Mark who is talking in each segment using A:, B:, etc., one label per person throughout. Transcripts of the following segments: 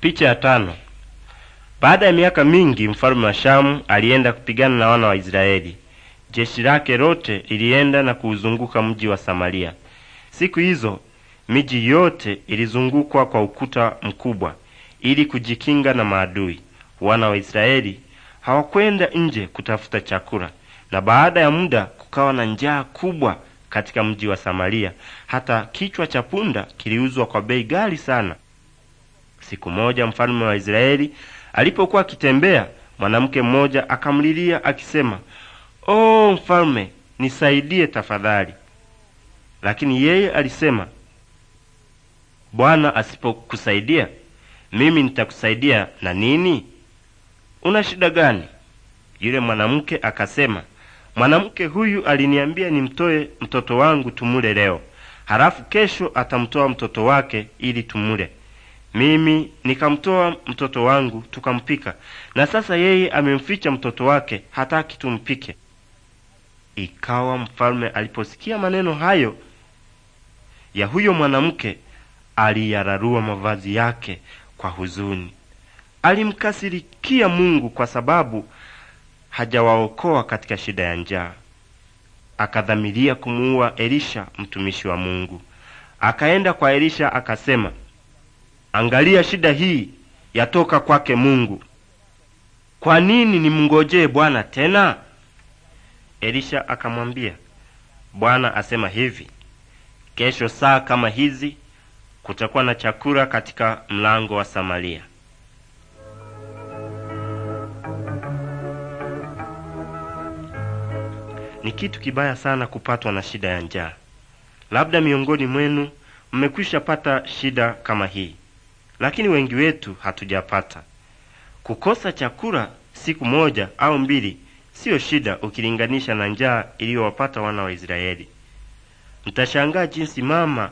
A: Picha ya tano. Baada ya miaka mingi mfalme wa Shamu alienda kupigana na wana wa Israeli. Jeshi lake lote lilienda na kuuzunguka mji wa Samaria. Siku hizo miji yote ilizungukwa kwa ukuta mkubwa ili kujikinga na maadui. Wana wa Israeli hawakwenda nje kutafuta chakula, na baada ya muda kukawa na njaa kubwa katika mji wa Samaria. Hata kichwa cha punda kiliuzwa kwa bei ghali sana. Siku moja mfalme wa Israeli alipokuwa akitembea, mwanamke mmoja akamlilia akisema, oh, mfalme, nisaidie tafadhali. Lakini yeye alisema, Bwana asipokusaidia mimi nitakusaidia na nini? Una shida gani? Yule mwanamke akasema, mwanamke huyu aliniambia nimtoe mtoto wangu tumule leo, halafu kesho atamtoa mtoto wake ili tumule. Mimi nikamtoa mtoto wangu tukampika, na sasa yeye amemficha mtoto wake, hataki tumpike. Ikawa mfalme aliposikia maneno hayo ya huyo mwanamke, aliyararua mavazi yake kwa huzuni. Alimkasirikia Mungu kwa sababu hajawaokoa katika shida ya njaa. Akadhamiria kumuua Elisha mtumishi wa Mungu. Akaenda kwa Elisha akasema Angalia, shida hii yatoka kwake Mungu. Kwa nini nimngojee Bwana tena? Elisha akamwambia, Bwana asema hivi, kesho saa kama hizi kutakuwa na chakula katika mlango wa Samaria. Ni kitu kibaya sana kupatwa na shida ya njaa. Labda miongoni mwenu mmekwisha pata shida kama hii lakini wengi wetu hatujapata. Kukosa chakula siku moja au mbili siyo shida ukilinganisha na njaa iliyowapata wana wa Israeli. Mtashangaa jinsi mama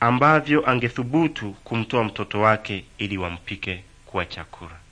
A: ambavyo angethubutu kumtoa mtoto wake ili wampike kuwa chakula.